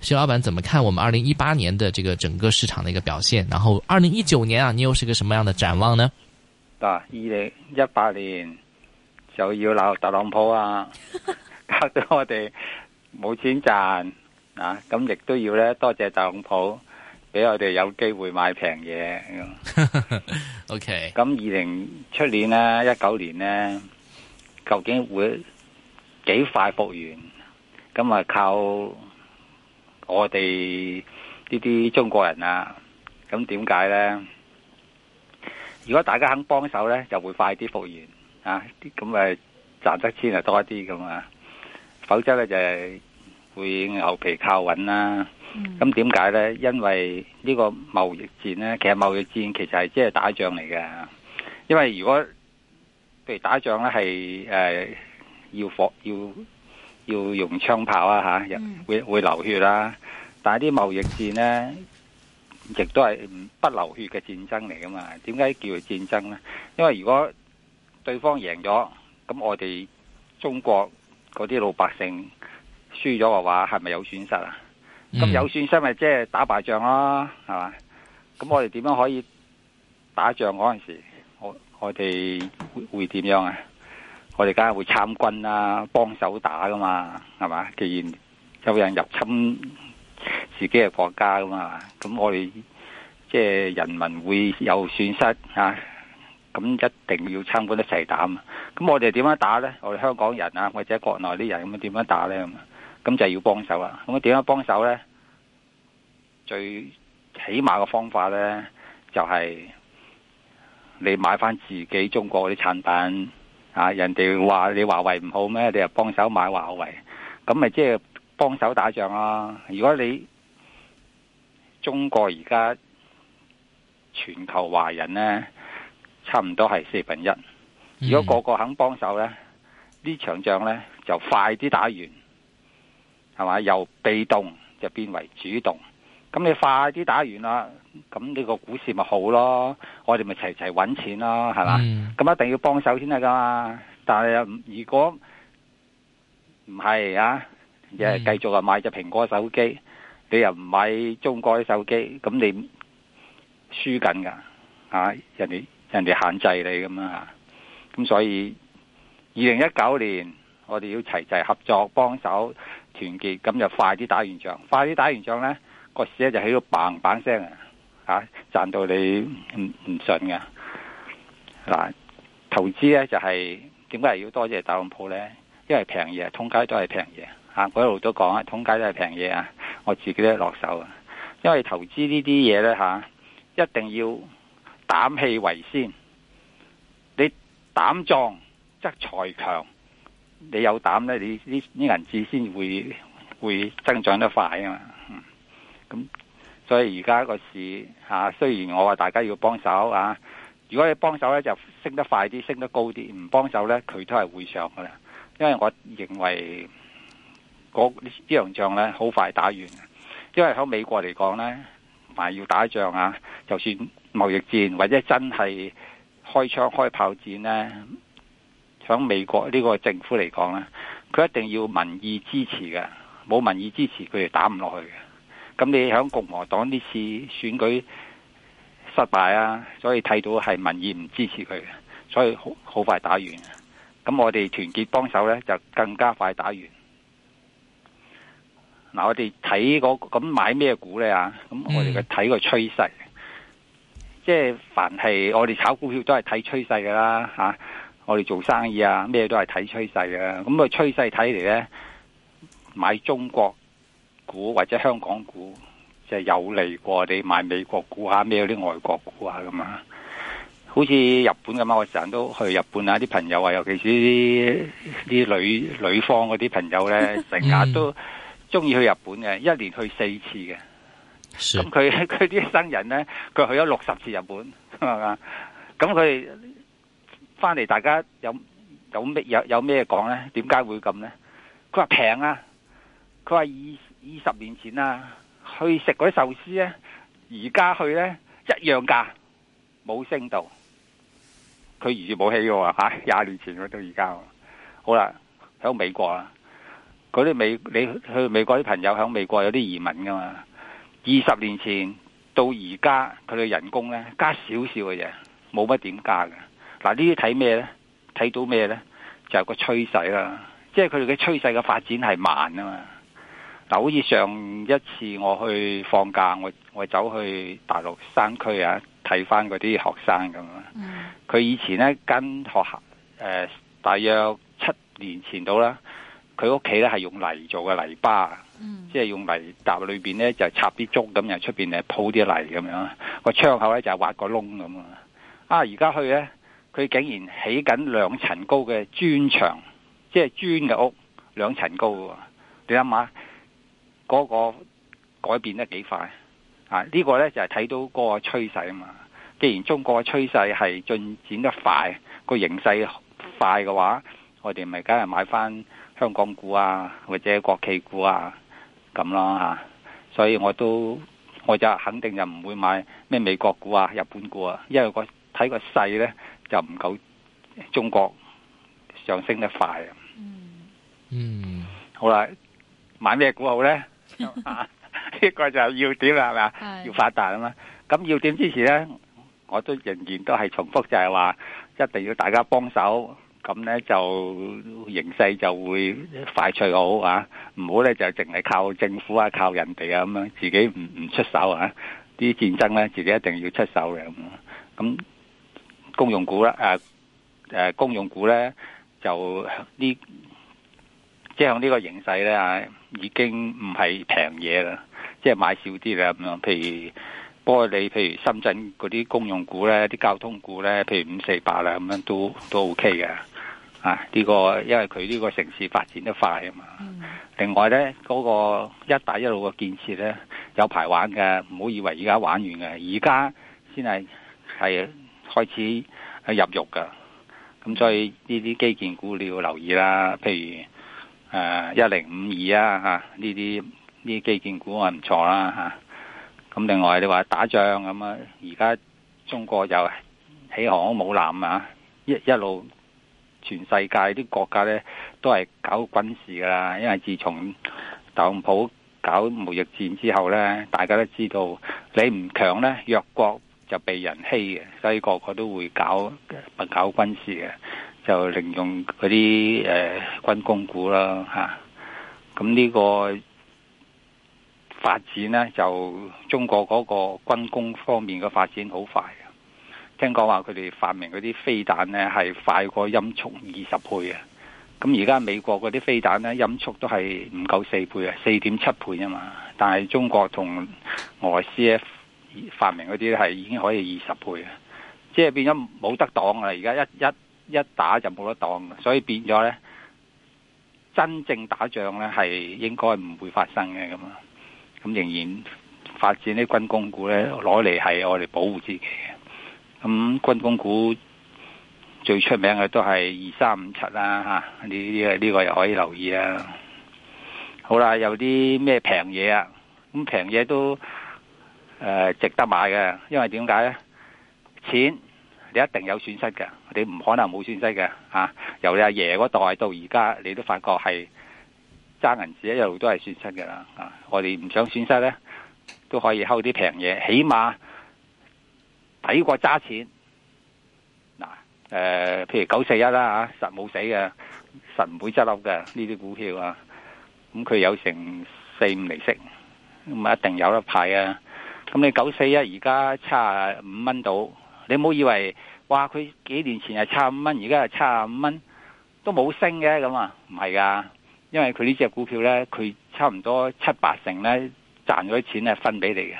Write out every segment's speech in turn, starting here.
徐老闆，怎麼看我們二零一八年的這個整個市場的一個表現？然後二零一九年啊，你又是個什麼樣的展望呢？啊，二零一八年就要鬧特朗普啊， 搞到我哋冇錢賺啊！咁亦都要咧多謝特朗普，俾我哋有機會買平嘢。O K，咁二零出年呢，一九年呢，究竟會幾快復原？咁啊靠！我哋呢啲中國人啊，咁點解呢？如果大家肯幫手呢，就會快啲復原啊！咁啊，賺得錢就多啲咁啊，否則呢，就係會牛皮靠穩啦。咁點解呢？因為呢個貿易戰呢，其實貿易戰其實係即係打仗嚟嘅。因為如果譬如打仗呢，係、啊、誒要火要。要用槍炮啊吓，會會流血啦、啊。但係啲貿易戰呢，亦都係不流血嘅戰爭嚟噶嘛？點解叫做戰爭呢？因為如果對方贏咗，咁我哋中國嗰啲老百姓輸咗嘅話，係咪有損失啊？咁有損失咪即係打敗仗咯、啊，係嘛？咁我哋點樣可以打仗嗰陣時候，我我哋會會點樣啊？我哋梗係會參軍啦、啊，幫手打噶嘛，係嘛？既然有人入侵自己嘅國家噶嘛，咁我哋即係人民會有損失啊！咁一定要參軍一齊打。咁我哋點樣打呢？我哋香港人啊，或者國內啲人咁樣點樣打呢？咁，就要幫手啦。咁點樣幫手呢？最起碼嘅方法呢，就係、是、你買翻自己中國啲產品。啊！人哋話你華為唔好咩？你又幫手買華為，咁咪即係幫手打仗咯。如果你中國而家全球華人咧，差唔多係四分一，嗯、如果個個肯幫手咧，呢場仗咧就快啲打完，係咪由被動就變為主動？咁你快啲打完啦，咁你個股市咪好咯？我哋咪齊齊搵錢咯，係嘛？咁、mm. 一定要幫手先得噶嘛。但係如果唔係啊，繼續繼續啊買隻蘋果手機，mm. 你又唔買中國啲手機，咁你輸緊噶啊？人哋人哋限制你咁啊，咁所以二零一九年我哋要齊齊合作幫手團結，咁就快啲打完仗，快啲打完仗呢。個市咧就喺度砰砰聲啊，賺到你唔唔信嘅嗱，投資咧就係點解要多謝特朗普咧？因為平嘢，通街都係平嘢啊！我一路都講，通街都係平嘢啊！我自己都落手啊，因為投資呢啲嘢咧吓，一定要膽氣為先，你膽壯則財強，你有膽咧，你呢呢銀紙先會會增長得快啊嘛！嗯咁所以而家個市吓、啊，雖然我話大家要幫手啊，如果你幫手呢，就升得快啲，升得高啲；唔幫手呢，佢都係會上噶啦。因為我認為嗰呢樣仗呢，好快打完，因為喺美國嚟講呢唔係要打仗啊，就算貿易戰或者真係開槍開炮戰呢，喺美國呢個政府嚟講呢，佢一定要民意支持嘅，冇民意支持，佢哋打唔落去嘅。咁你喺共和黨呢次選舉失敗啊，所以睇到係民意唔支持佢，所以好好快打完。咁我哋團結幫手咧，就更加快打完。嗱、那個，我哋睇嗰咁買咩股咧啊？咁、就是、我哋嘅睇個趨勢，即係凡係我哋炒股票都係睇趨勢噶啦吓、啊，我哋做生意啊咩都係睇趨勢㗎。咁、那個趨勢睇嚟咧，買中國。股或者香港股，即係有利過你買美國股啊，咩啲外國股啊咁啊。好似日本咁啊，我成日都去日本啊，啲朋友啊，尤其是啲啲女女方嗰啲朋友咧，成日都中意去日本嘅，一年去四次嘅。咁佢佢啲新人咧，佢去咗六十次日本，係咪啊？咁佢翻嚟，大家有有咩有有咩講咧？點解會咁咧？佢話平啊，佢話以。二十年前啦、啊，去食嗰啲壽司咧，而家去咧一樣價，冇升到。佢如住冇起嘅吓，廿、啊、年前到而家。好啦，喺美國啊，嗰啲美你去美國啲朋友喺美國有啲移民噶嘛？二十年前到而家，佢哋人工咧加少少嘅嘢，冇乜點加嘅。嗱呢啲睇咩咧？睇到咩咧？就係、個趨勢啦，即係佢哋嘅趨勢嘅發展係慢啊嘛。就好似上一次我去放假，我我走去大陸山區啊，睇翻嗰啲學生咁咯。佢、mm. 以前咧跟學校、呃、大約七年前到啦。佢屋企咧係用泥做嘅泥巴，mm. 即係用泥搭裏面咧就插啲竹，咁又出面咧鋪啲泥咁樣。個窗口咧就係、是、挖個窿咁啊！而家去咧，佢竟然起緊兩層高嘅磚牆，即係磚嘅屋，兩層高喎。你諗下？嗰個改變得幾快啊？呢個呢就係睇到嗰個趨勢啊嘛。既然中國嘅趨勢係進展得快，個形勢快嘅話，我哋咪梗係買翻香港股啊，或者國企股啊咁咯吓。所以我都我就肯定就唔會買咩美國股啊、日本股啊，因為個睇個勢呢就唔夠中國上升得快啊。嗯，好啦，買咩股好呢？啊！呢 個就係要點啦，係咪啊？要發達嘛？咁要點之前咧，我都仍然都係重複就係話，就係話一定要大家幫手。咁咧就形勢就會快脆好啊。唔好咧就淨係靠政府啊，靠人哋啊咁樣，自己唔唔出手啊。啲戰爭咧，自己一定要出手嘅。咁公用股咧，誒、啊、誒、啊，公用股咧就呢。就即係呢個形勢咧，已經唔係平嘢啦，即係買少啲啦。咁樣，譬如不過你譬如深圳嗰啲公用股咧，啲交通股咧，譬如五四八啦，咁樣都都 OK 嘅。啊，呢個因為佢呢個城市發展得快啊嘛。另外呢，嗰個一帶一路嘅建設呢，有排玩嘅，唔好以為而家玩完嘅，而家先係係開始入肉噶。咁所以呢啲基建股你要留意啦，譬如。誒，一零五二啊，吓呢啲呢基建股啊唔錯啦吓。咁、uh, 另外你話打仗咁啊，而、uh, 家中國又起航母艦啊，一一路全世界啲國家咧都係搞軍事噶啦，因為自從特朗普搞貿易戰之後咧，大家都知道你唔強咧，弱國就被人欺嘅，所以個個都會搞咪 Okay. 搞軍事嘅。就零用嗰啲誒軍工股啦吓，咁呢個發展咧就中國嗰個軍工方面嘅發展好快啊！聽講話佢哋發明嗰啲飛彈咧係快過音速二十倍啊！咁而家美國嗰啲飛彈咧音速都係唔夠四倍啊，四點七倍啊嘛。但係中國同俄羅斯咧發明嗰啲係已經可以二十倍啊！即係變咗冇得擋啊！而家一一一打就冇得擋，所以變咗呢，真正打仗呢係應該唔會發生嘅咁啊，咁仍然發展啲軍工股呢，攞嚟係我哋保護自己嘅。咁軍工股最出名嘅都係二三五七啦，吓，呢個呢個又可以留意啦。好啦，有啲咩平嘢啊？咁平嘢都值得買嘅，因為點解呢？錢。你一定有損失嘅，你唔可能冇損失嘅嚇、啊。由你阿爺嗰代到而家，你都發覺係揸銀紙一路都係損失嘅啦、啊。我哋唔想損失咧，都可以購啲平嘢，起碼抵過揸錢嗱。誒、啊呃，譬如九四一啦嚇，實冇死嘅，實唔會執笠嘅呢啲股票啊。咁佢有成四五釐息，咁一定有得派啊。咁你九四一而家差五蚊到。你唔好以為話佢幾年前係七十五蚊，而家係七十五蚊？都冇升嘅咁啊！唔係噶，因為佢呢隻股票呢，佢差唔多七八成呢，賺咗啲錢係分俾你嘅。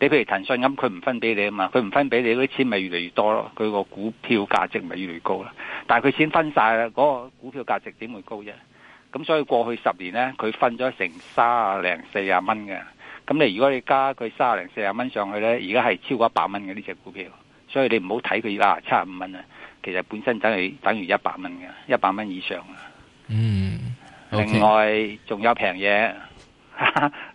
你譬如騰訊咁，佢唔分俾你啊嘛，佢唔分俾你嗰啲錢咪越嚟越多咯，佢個股票價值咪越嚟越高啦。但係佢錢分晒啦，嗰個股票價值點會高啫？咁所以過去十年呢，佢分咗成三廿零四廿蚊嘅。咁你如果你加佢三廿零四廿蚊上去呢，而家係超過一百蚊嘅呢隻股票。所以你唔好睇佢七十五蚊啊，其實本身等於等於一百蚊嘅，一百蚊以上啊。嗯，另外仲 Okay. 有平嘢，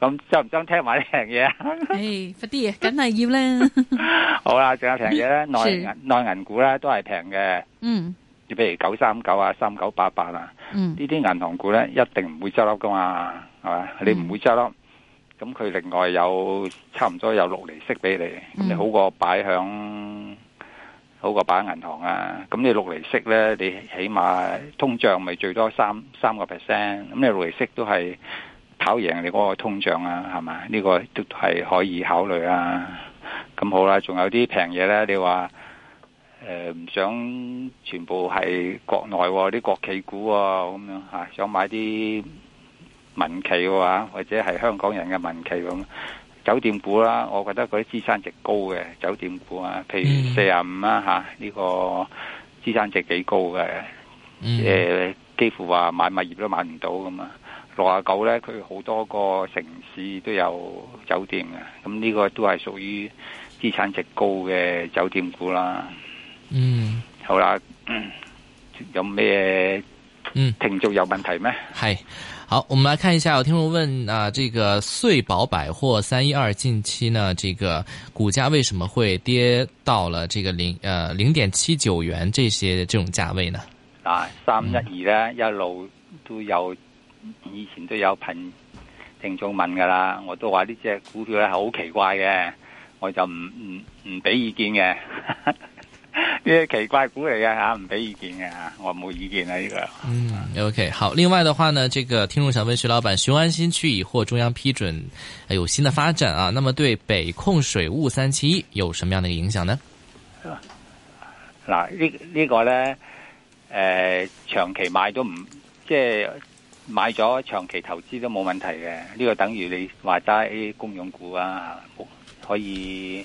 咁想唔想聽埋呢平嘢啊？誒、hey, F， 快啲啊，梗係要啦。好啦 是，仲有平嘢咧，內銀內銀股咧都係平嘅。嗯，你譬如九三九啊，三九八八啊，呢啲銀行股咧一定唔會執笠噶嘛，係嘛？你唔會執笠。嗯咁佢另外有差唔多有六釐息俾你，咁你好過擺響好過擺喺銀行啊。咁你六釐息呢，你起碼通脹咪最多三三個 percent，咁你六釐息都係跑贏你嗰個通脹啊，係咪？呢個都係可以考慮啊。咁好啦，仲有啲平嘢呢，你話誒唔想全部係國內啲國企股啊，咁樣吓，想買啲民企嘅話，或者係香港人嘅民企咁，酒店股啦，我覺得嗰啲資產值高嘅酒店股啊，譬如四十五啦吓，呢、嗯啊這個資產值幾高嘅，誒、嗯，幾乎話買物業都買唔到㗎嘛。六十九咧，佢好多個城市都有酒店嘅，咁呢個都係屬於資產值高嘅酒店股啦。嗯，好啦，有咩停頓有問題咩？係、嗯。好，我們來看一下，有聽眾問啊，這個穗寶百貨三一二近期呢，這個股價為什麼會跌到了這個零呃零點七九元這些這種價位呢？啊，三一二呢一路都有，以前都有評聽眾問噶啦，我都話呢隻股票咧係好奇怪嘅，我就唔唔唔俾意見嘅。呵呵啲 奇怪股嚟嘅吓，唔俾意見嘅，我冇意見啊呢、啊這個。嗯，OK，好。另外嘅話呢，呢、這個聽眾想問徐老闆，雄安新區已獲中央批准，有新嘅發展啊，那麼對北控水務三七一有什麼樣的影響呢？嗱、嗯這個這個、呢呢個咧，誒、呃，長期買都唔即係買咗長期投資都冇問題嘅，呢、這個等於你話齋公用股啊，可以。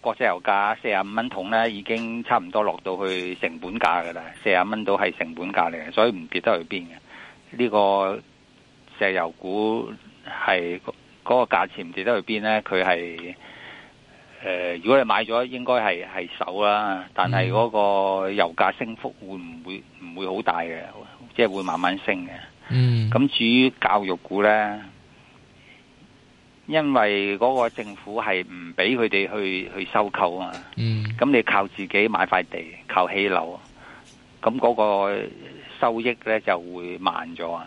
國際油價四十五蚊桶咧，已經差唔多落到去成本價噶啦，四啊蚊到係成本價嚟，所以唔跌得去邊嘅。呢、這個石油股係嗰、那個價錢唔跌得去邊咧，佢係誒，如果你買咗，應該係係手啦，但係嗰個油價升幅會唔會唔會好大嘅？即係會慢慢升嘅。嗯，咁至於教育股咧。因為嗰個政府係唔俾佢哋去去收購啊，咁、嗯、你靠自己買塊地，靠起樓啊，咁嗰個收益咧就會慢咗啊。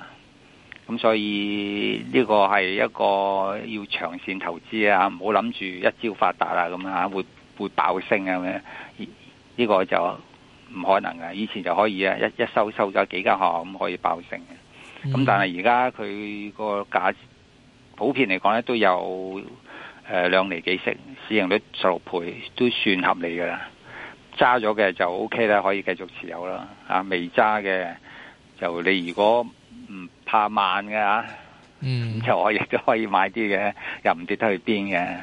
咁所以呢個係一個要長線投資啊，唔好諗住一朝發達啊咁啊，會會爆升啊咁樣呢、呢個就唔可能噶。以前就可以啊，一一收收咗幾間行咁可以爆升嘅。咁、嗯、但係而家佢個價。普遍嚟講咧都有誒兩厘幾息，市盈率十六倍都算合理噶啦。揸咗嘅就 O K 啦，可以繼續持有啦。啊，未揸嘅就你如果唔怕慢嘅啊，嗯，就我亦都可以買啲嘅，又唔跌得去邊嘅。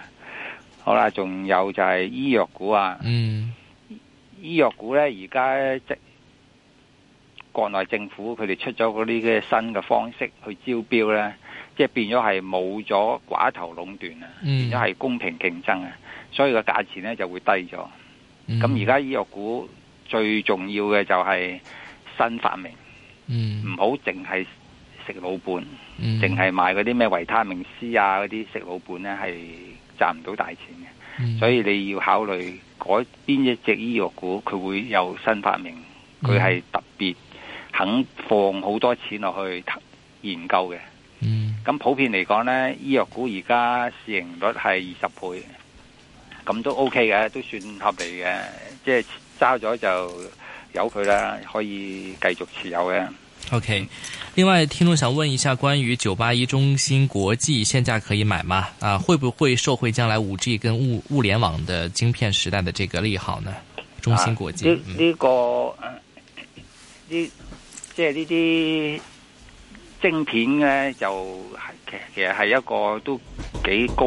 好啦，仲有就係醫藥股啊，嗯，醫藥股咧而家即。國內政府佢哋出咗嗰啲嘅新嘅方式去招標呢，即係變咗係冇咗寡頭壟斷啊，嗯、變咗係公平競爭啊，所以個價錢呢就會低咗。咁而家醫藥股最重要嘅就係新發明，唔好淨係食老本，淨係賣嗰啲咩維他命 C 啊嗰啲食老本呢係賺唔到大錢嘅，嗯、所以你要考慮改邊一隻醫藥股佢會有新發明，佢係特別。肯放好多錢落去研究嘅，咁、嗯、普遍嚟講呢，醫藥股而家市盈率係二十倍，咁都 OK 嘅，都算合理嘅，即係揸咗就由佢啦，可以繼續持有嘅。OK，另外聽眾想問一下，關於九八一中芯國際現價可以買嗎？啊，會不會受惠將來五 G 跟物物聯網的晶片時代的這個利好呢？中芯國際呢、啊嗯這個，呢、呃？即係呢啲晶片呢，就其實其實係一個都幾高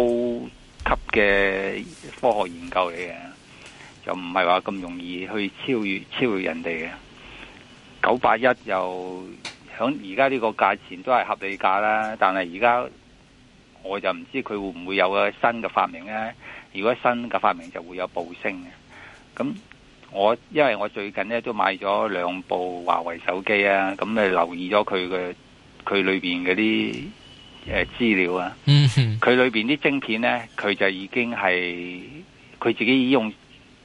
級嘅科學研究嚟嘅，就唔係話咁容易去超越超越人哋嘅。九八一又響而家呢個價錢都係合理價啦，但係而家我就唔知佢會唔會有個新嘅發明呢？如果新嘅發明就會有暴升嘅，咁。我因為我最近咧都買咗兩部華為手機啊，咁你留意咗佢嘅佢裏邊嗰啲誒資料啊，嗯，哼，佢裏邊啲晶片咧，佢就已經係佢自己已經用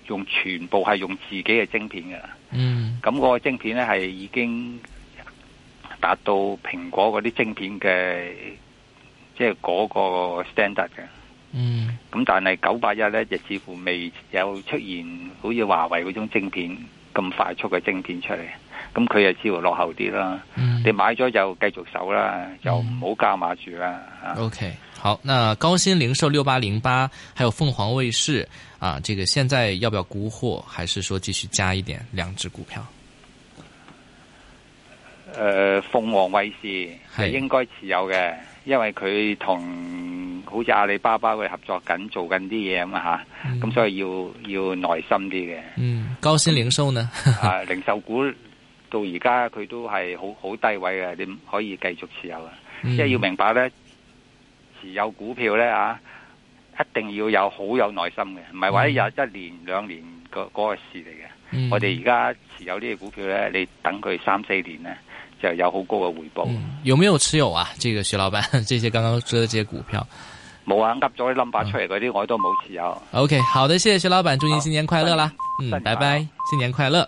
用全部係用自己嘅晶片嘅，嗯，咁嗰個晶片咧係已經達到蘋果嗰啲晶片嘅即係嗰個 standard 嘅，嗯。咁但係九八一咧，就似乎未有出現好似華為嗰種晶片咁快速嘅晶片出嚟，咁佢又似乎落後啲啦。嗯、你買咗就繼續守啦，就唔好加碼住啦。嗯啊、OK，好，那高新零售六八零八，還有鳳凰衛視啊，這個現在要不要沽貨，還是說繼續加一點兩支股票？誒、呃，鳳凰衛視係應該持有嘅。因為佢同好似阿里巴巴佢合作緊做緊啲嘢啊嘛吓，咁、嗯、所以要要耐心啲嘅。嗯，高鑫零售呢？ 啊，零售股到而家佢都係好好低位嘅，你可以繼續持有啊。即係、嗯、要明白咧，持有股票咧啊，一定要有好有耐心嘅，唔係話有、一年、嗯、兩年嗰嗰、嗰個事嚟嘅。嗯、我哋而家持有呢隻股票咧，你等佢三四年啊。就有好高嘅回報，嗯，有沒有持有啊？這個徐老闆，這些剛剛說嘅這些股票，冇啊，噏咗啲 number 出嚟嗰啲，我都冇持有。OK，好的，謝謝徐老闆，祝你新年快樂啦！嗯，年拜拜，新年快樂。